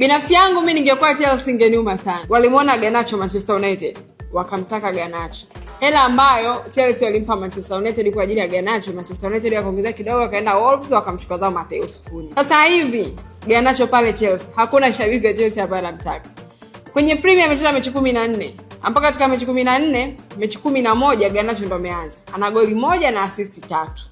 Binafsi yangu mi ningekuwa Chelsea ingeniuma sana. Walimwona ganacho Manchester United, wakamtaka ganacho Hela ambayo Chelsea walimpa Manchester United kwa ajili ya ganacho Manchester United wakaongezea kidogo, wakaenda Wolves wakamchukua zao mateus kuni Sasa hivi ganacho pale Chelsea, hakuna shabiki wa Chelsea ambayo anamtaka. Kwenye Premier amecheza mechi nne mpaka katika mechi nne mechi moja ganacho ndo ameanza, ana goli moja na asisti tatu.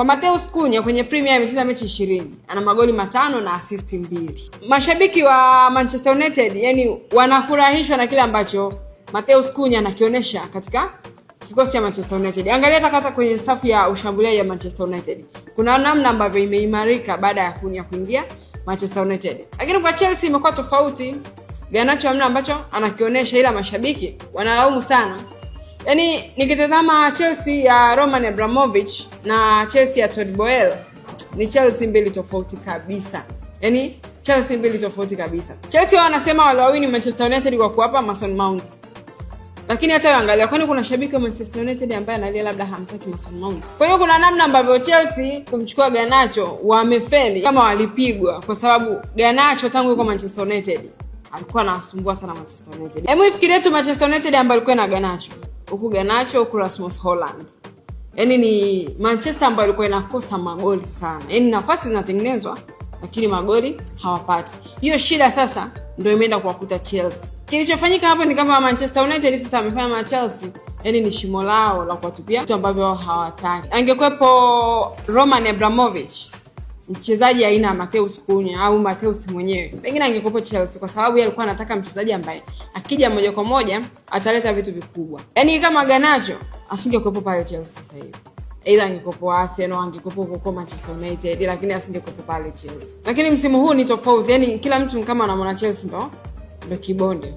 Kwa Mateus kunya kwenye Premier amecheza mechi ishirini, ana magoli matano na asisti mbili. Mashabiki wa Manchester United yani wanafurahishwa na kile ambacho Mateus kunya anakionyesha katika kikosi cha Manchester United. Angalia hata kwenye safu ya ushambuliaji ya Manchester United, kuna namna ambavyo imeimarika baada ya kunya kuingia Manchester United, lakini kwa Chelsea imekuwa tofauti. ganacho amna ambacho anakionyesha, ila mashabiki wanalaumu sana yaani nikitazama Chelsea ya Roman Abramovich na Chelsea ya Todd Boehly ni Chelsea mbili tofauti kabisa, yaani Chelsea mbili tofauti kabisa. Chelsea wao wanasema waliwawini Manchester United kwa kuwapa Mason Mount, lakini hata angalia, kwani kuna shabiki wa Manchester United ambaye analia labda hamtaki Mason Mount? Kwa hiyo kuna namna ambavyo Chelsea kumchukua ganacho wamefeli, kama walipigwa, kwa sababu ganacho tangu yuko Manchester United alikuwa anawasumbua sana Manchester United. Hebu ifikirie tu Manchester United ambayo alikuwa na ganacho huku nacho huku Rasmus Holland. Yaani ni Manchester ambayo ilikuwa inakosa magoli sana, yaani nafasi zinatengenezwa lakini magoli hawapati. Hiyo shida sasa ndio imeenda kuwakuta Chelsea. Kilichofanyika hapo ni kama Manchester United sasa amefanya ma Chelsea, yani ni shimo lao la kuwatupia vitu ambavyo hawataki. angekwepo Roman Abramovich mchezaji aina ya Mateus Cunha au Mateus mwenyewe pengine angekopo Chelsea, kwa sababu yeye alikuwa anataka mchezaji ambaye akija moja kwa moja ataleta vitu vikubwa. Yaani kama ganacho asingekuwepo pale Chelsea sasa hivi, aidha angekopo Arsenal, angekopo huko Manchester United, lakini asingekopo pale Chelsea. Lakini msimu huu ni tofauti, yaani kila mtu kama anamwona Chelsea ndo ndo kibonde.